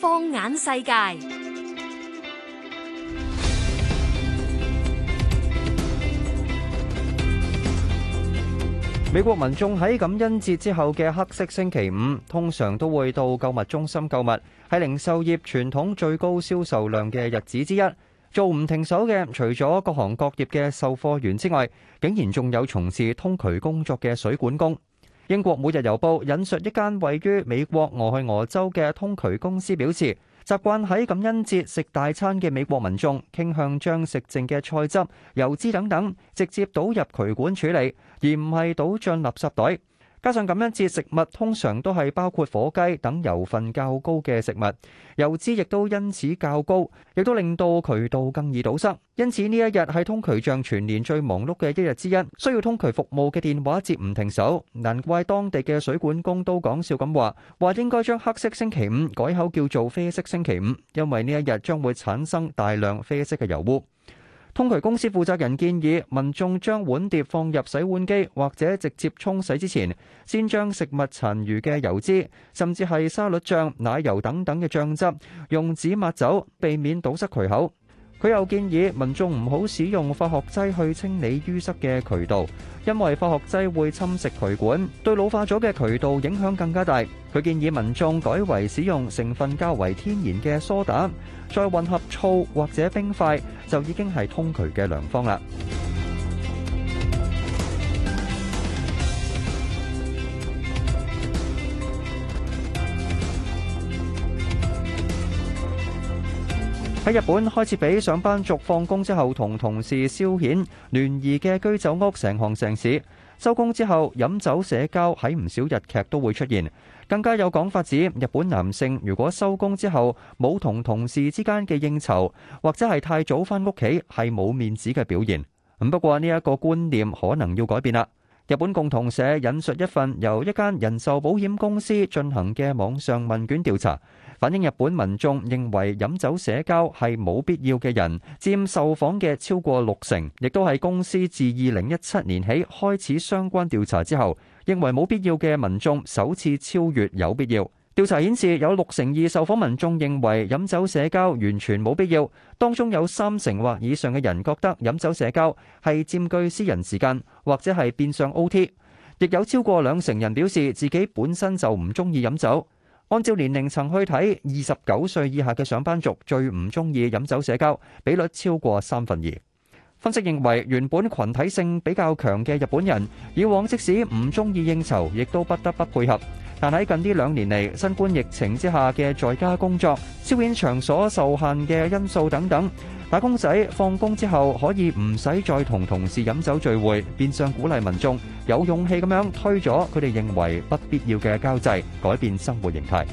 放眼世界，美國民眾喺感恩節之後嘅黑色星期五，通常都會到購物中心購物，係零售業傳統最高銷售量嘅日子之一。做唔停手嘅，除咗各行各業嘅售貨員之外，竟然仲有從事通渠工作嘅水管工。英國《每日郵報》引述一間位於美國俄亥俄州嘅通渠公司表示，習慣喺感恩節食大餐嘅美國民眾傾向將食剩嘅菜汁、油脂等等直接倒入渠管處理，而唔係倒進垃圾袋。加上感恩節食物通常都係包括火雞等油分較高嘅食物，油脂亦都因此較高，亦都令到渠道更易堵塞。因此呢一日係通渠像全年最忙碌嘅一日之一，需要通渠服務嘅電話接唔停手。難怪當地嘅水管工都講笑咁話：話應該將黑色星期五改口叫做啡色星期五，因為呢一日將會產生大量啡色嘅油污。通渠公司負責人建議，民眾將碗碟放入洗碗機或者直接沖洗之前，先將食物殘餘嘅油脂，甚至係沙律醬、奶油等等嘅醬汁，用紙抹走，避免堵塞渠口。佢又建議民眾唔好使用化學劑去清理淤塞嘅渠道，因為化學劑會侵蝕渠管，對老化咗嘅渠道影響更加大。佢建議民眾改為使用成分較為天然嘅梳打，再混合醋或者冰塊，就已經係通渠嘅良方啦。喺日本開始俾上班族放工之後同同事消遣聯誼嘅居酒屋成行成市，收工之後飲酒社交喺唔少日劇都會出現。更加有講法指，日本男性如果收工之後冇同同事之間嘅應酬，或者係太早翻屋企，係冇面子嘅表現。咁不過呢一個觀念可能要改變啦。日本共同社引述一份由一間人壽保險公司進行嘅網上問卷調查，反映日本民眾認為飲酒社交係冇必要嘅人佔受訪嘅超過六成，亦都係公司自二零一七年起開始相關調查之後，認為冇必要嘅民眾首次超越有必要。調查顯示，有六成二受訪民眾認為飲酒社交完全冇必要，當中有三成或以上嘅人覺得飲酒社交係佔據私人時間，或者係變相 OT，亦有超過兩成人表示自己本身就唔鍾意飲酒。按照年齡層去睇，二十九歲以下嘅上班族最唔鍾意飲酒社交，比率超過三分二。分析認為，原本羣體性比較強嘅日本人，以往即使唔鍾意應酬，亦都不得不配合。但喺近呢兩年嚟，新冠疫情之下嘅在家工作、消遣場所受限嘅因素等等，打工仔放工之後可以唔使再同同事飲酒聚會，變相鼓勵民眾有勇氣咁樣推咗佢哋認為不必要嘅交際，改變生活形態。